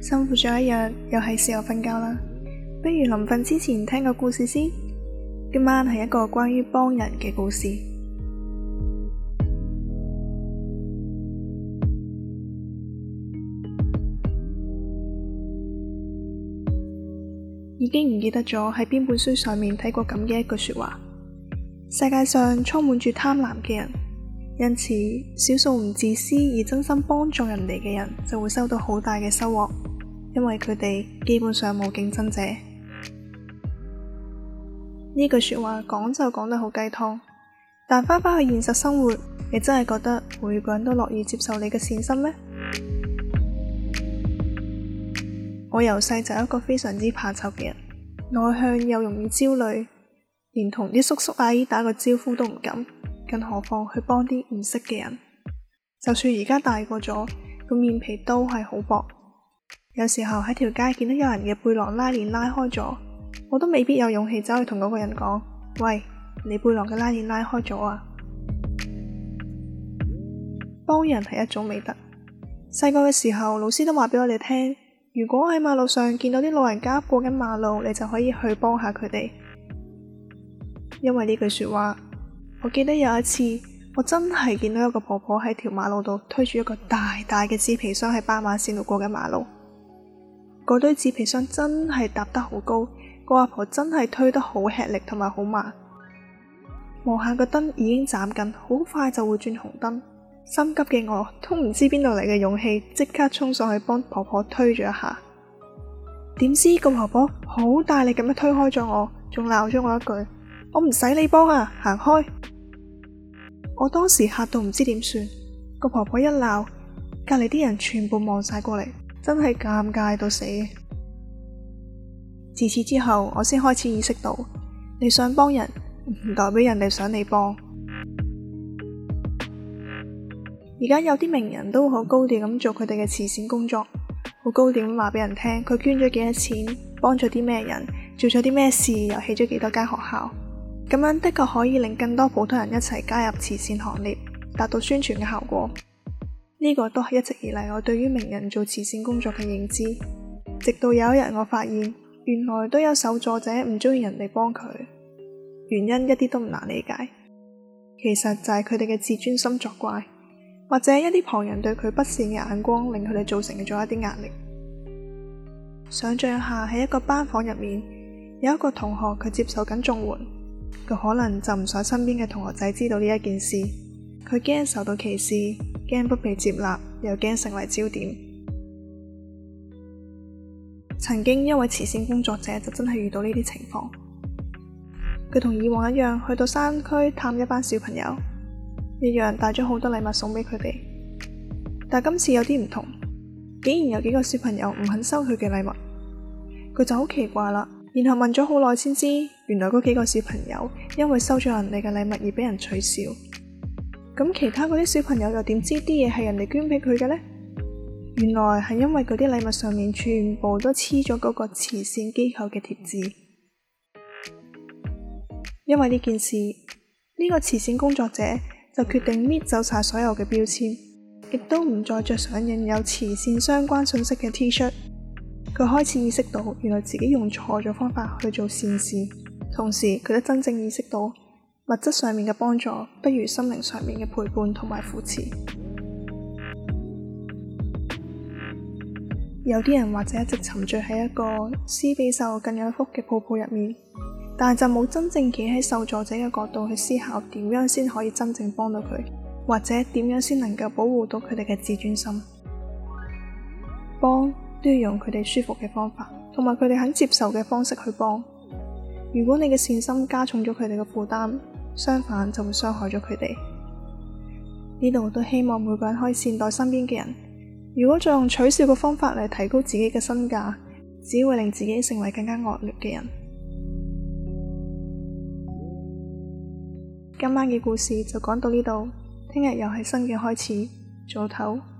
辛苦咗一日，又係時候瞓覺啦。不如臨瞓之前聽個故事先。今晚係一個關於幫人嘅故事。 已經唔記得咗喺邊本書上面睇過咁嘅一句說話：世界上充滿住貪婪嘅人。因此，少數唔自私而真心幫助人哋嘅人，就會收到好大嘅收穫，因為佢哋基本上冇競爭者。呢 句說話講就講得好雞湯，但返返去現實生活，你真係覺得每個人都樂意接受你嘅善心咩？ 我由細就係一個非常之怕醜嘅人，內向又容易焦慮，連同啲叔叔阿姨打個招呼都唔敢。更何況去幫啲唔識嘅人，就算而家大個咗，個面皮都係好薄。有時候喺條街見到有人嘅背囊拉鏈拉開咗，我都未必有勇氣走去同嗰個人講：「喂，你背囊嘅拉鏈拉開咗啊！幫人係一種美德。細個嘅時候，老師都話俾我哋聽：「如果喺馬路上見到啲老人家過緊馬路，你就可以去幫下佢哋。因為呢句說話。我記得有一次，我真係見到一個婆婆喺條馬路度推住一個大大嘅紙皮箱喺斑馬綫度過緊馬路。嗰堆紙皮箱真係搭得好高，個阿婆真係推得好吃力同埋好慢。望下個燈已經閃緊，好快就會轉紅燈。心急嘅我都唔知邊度嚟嘅勇氣，即刻衝上去幫婆婆推咗一下。點知個婆婆好大力咁樣推開咗我，仲鬧咗我一句。我唔使你幫啊，行開！我當時吓到唔知點算，個婆婆一鬧，隔籬啲人全部望晒過嚟，真係尷尬到死。自此之後，我先開始意識到你想幫人，唔代表人哋想你幫。而家有啲名人都好高調咁做佢哋嘅慈善工作，好高調咁話俾人聽，佢捐咗幾多錢，幫咗啲咩人，做咗啲咩事，又起咗幾多間學校。咁樣的確可以令更多普通人一齊加入慈善行列，達到宣傳嘅效果。呢個都係一直以嚟我對於名人做慈善工作嘅認知。直到有一日，我發現原來都有受助者唔中意人哋幫佢，原因一啲都唔難理解。其實就係佢哋嘅自尊心作怪，或者一啲旁人對佢不善嘅眼光，令佢哋造成咗一啲壓力。想像下喺一個班房入面，有一個同學佢接受緊綜援。佢可能就唔想身邊嘅同學仔知道呢一件事，佢驚受到歧視，驚不被接納，又驚成為焦點。曾經一位慈善工作者就真係遇到呢啲情況，佢同以往一樣去到山區探一班小朋友，一樣帶咗好多禮物送俾佢哋，但今次有啲唔同，竟然有幾個小朋友唔肯收佢嘅禮物，佢就好奇怪啦。然後問咗好耐先知，原來嗰幾個小朋友因為收咗人哋嘅禮物而俾人取笑。咁其他嗰啲小朋友又點知啲嘢係人哋捐俾佢嘅呢？原來係因為嗰啲禮物上面全部都黐咗嗰個慈善機構嘅貼紙。因為呢件事，呢個慈善工作者就決定搣走晒所有嘅標籤，亦都唔再着上印有慈善相關信息嘅 T 恤。佢開始意識到，原來自己用錯咗方法去做善事，同時佢都真正意識到，物質上面嘅幫助不如心靈上面嘅陪伴同埋扶持。 有啲人或者一直沉醉喺一個施比受更有福嘅泡泡入面，但係就冇真正企喺受助者嘅角度去思考點樣先可以真正幫到佢，或者點樣先能夠保護到佢哋嘅自尊心，幫。都要用佢哋舒服嘅方法，同埋佢哋肯接受嘅方式去幫。如果你嘅善心加重咗佢哋嘅負擔，相反就會傷害咗佢哋。呢度我都希望每個人可以善待身邊嘅人。如果再用取笑嘅方法嚟提高自己嘅身價，只會令自己成為更加惡劣嘅人。今晚嘅故事就講到呢度，聽日又係新嘅開始，早唞。